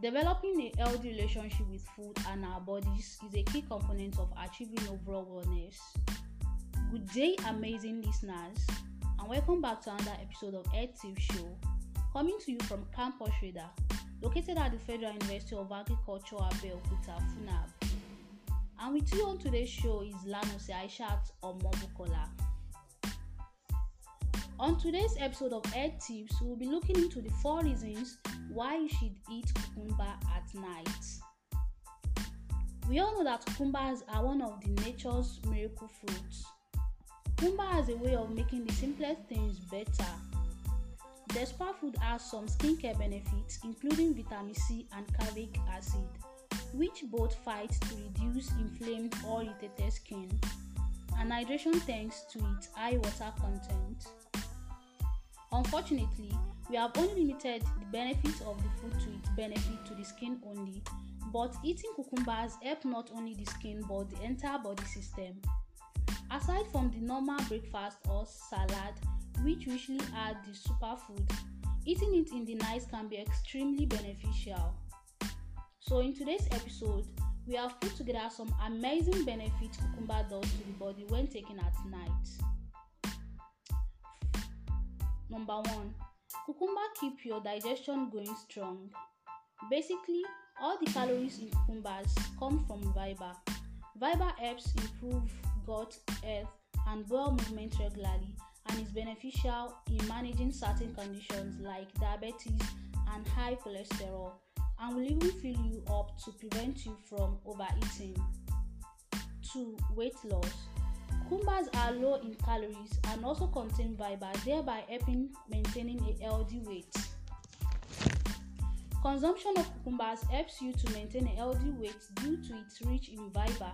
Developing a healthy relationship with food and our bodies is a key component of achieving overall wellness. Good day, amazing listeners, and welcome back to another episode of EdTiv Show, coming to you from Campus Radar, located at the Federal University of Agriculture Abeokuta, FUNAB. And with you on today's show is Lanose Aishat Omobukola. On today's episode of Egg Tips, we'll be looking into the four reasons why you should eat cucumber at night. We all know that cucumbers are one of the nature's miracle fruits. Cucumber has a way of making the simplest things better. The spa food has some skincare benefits, including vitamin C and carric acid, which both fight to reduce inflamed or irritated skin, and hydration thanks to its high water content. Unfortunately, we have only limited the benefits of the food to its benefit to the skin only, but eating cucumbers help not only the skin but the entire body system. Aside from the normal breakfast or salad, which usually add the superfood, eating it in the night can be extremely beneficial. So in today's episode, we have put together some amazing benefits cucumber does to the body when taken at night. Number one, cucumber keep your digestion going strong. Basically, all the calories in cucumbers come from fiber. Fiber helps improve gut health and bowel movement regularly and is beneficial in managing certain conditions like diabetes and high cholesterol and will even fill you up to prevent you from overeating. 2. Weight loss Cucumbers are low in calories and also contain fiber, thereby helping maintaining a healthy weight. Consumption of cucumbers helps you to maintain a healthy weight due to its rich in fiber.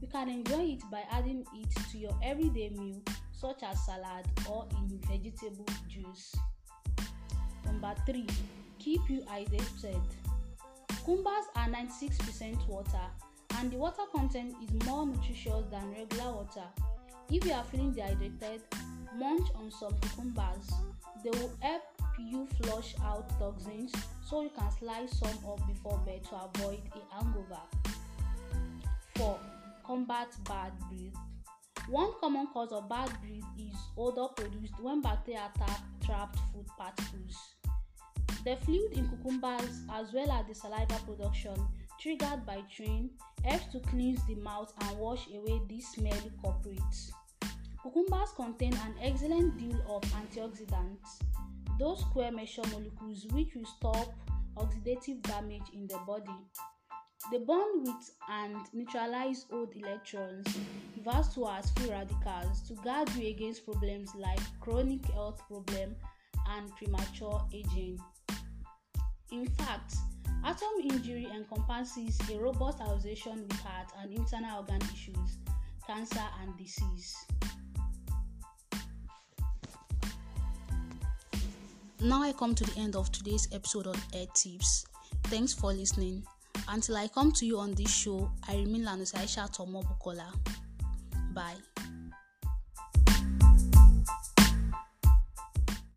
You can enjoy it by adding it to your everyday meal, such as salad or in vegetable juice. Number 3. Keep you hydrated. Cucumbers are 96% water and the water content is more nutritious than regular water If you are feeling dehydrated, munch on some cucumbers. They will help you flush out toxins so you can slice some up before bed to avoid a hangover. 4. Combat bad breath. One common cause of bad breath is odor produced when bacteria attack trapped food particles. The fluid in cucumbers, as well as the saliva production, triggered by chewing helps to cleanse the mouth and wash away these smelly corporates. Cucumbers contain an excellent deal of antioxidants, those square measure molecules which will stop oxidative damage in the body. They bond with and neutralize old electrons, vast to as free radicals, to guard you against problems like chronic health problem and premature aging. In fact, Atom injury encompasses a robust association with heart and internal organ issues, cancer, and disease. Now I come to the end of today's episode on Air Tips. Thanks for listening. Until I come to you on this show, I remain Lanusai Tomo Bukola. Bye.